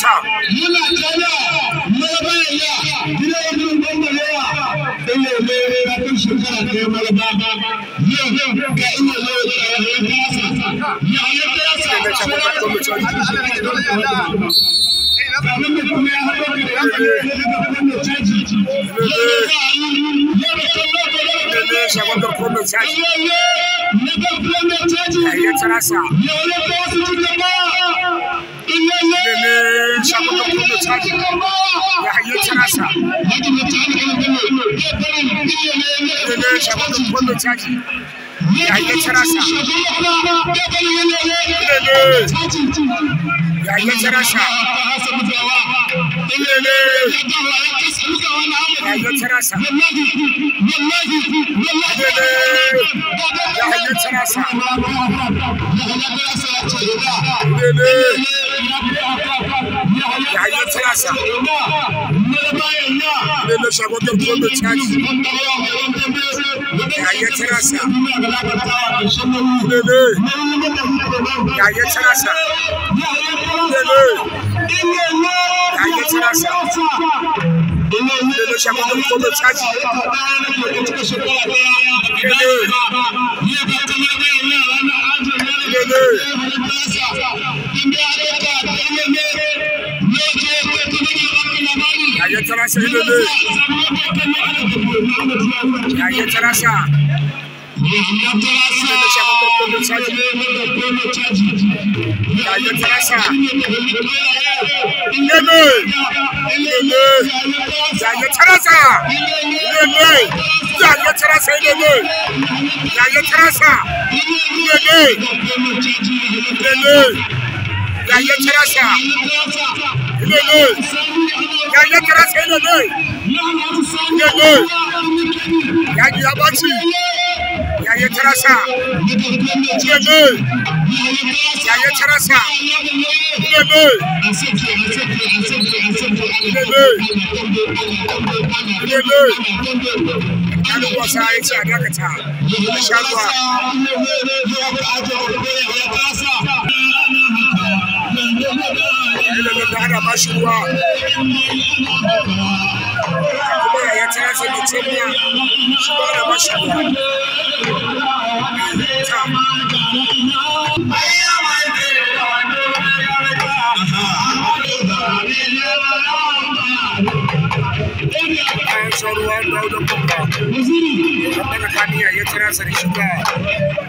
muna tana marabaya gina wannan gwamnarewa don yau ne ya kai shekara ɗaya maraba yau da ya kasa ya yi kasa abin da kuma ya haɗa da ya kai da ya kai da caji yau da kallo ya kai da shagon gwamnati caji na gwamnati caji yau da in sha maka ya hayyace nasa in hanyar siyasa ne na shagogar gwamnati caji hanyar siyasa ne ne hanyar siyasa ne ne hanyar siyasa da shagogar gwamnati caji ne ne Sendele. Yaya Terasa. Yaya Terasa. Yaya Terasa. Iloloi. Yaya Terasa Iloloi. Iloloi. Yaya Abati. Yaya Terasa. Iloloi. Yaya Terasa. Iloloi. Iloloi. Iloloi. Kalu wasa yace a dakata. Insha Allah. Abashiwa. Kuma ya tara fi da cewa Shugaban Abashiwa. Bayan shan ruwa da wadon babba, ya tara sa da shiga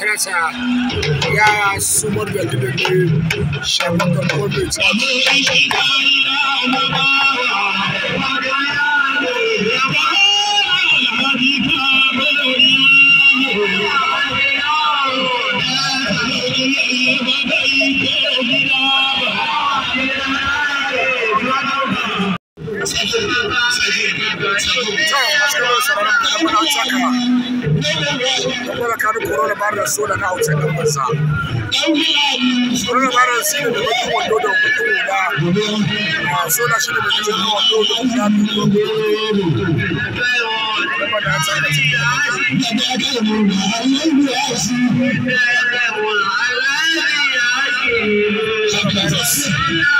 kansa ya sumar da gidan ne shafakan kwanbeci sama da tsarakanin coronavirus so da na hausa ɗan banza coronavirus shi ne da bakin wando da bakin wuda so da shi ne da cikin wando da wuda da wuda Thank you.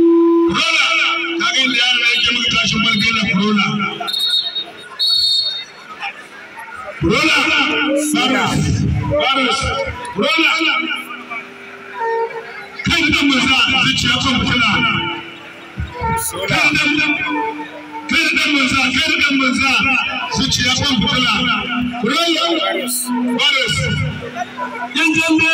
Rola, Barus, Barus, Rola. Kan dan maza zuciya kan fitila. Kan dan kan dan maza, kan dan maza zuciya kan fitila. Rola, Barus. Yan gambe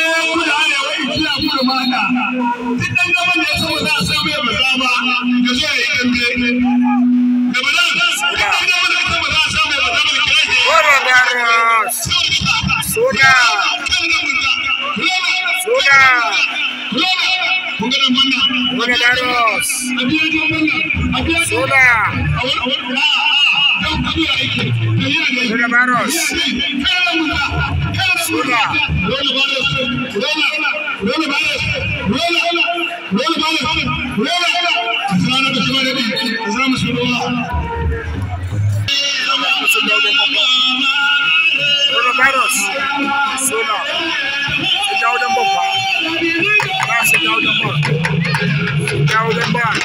Jos. Sola. Sola Baros. Sola. Sola Baros. Baros.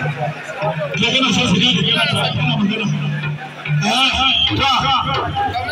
Kuma kana so su gane ko yana da magana.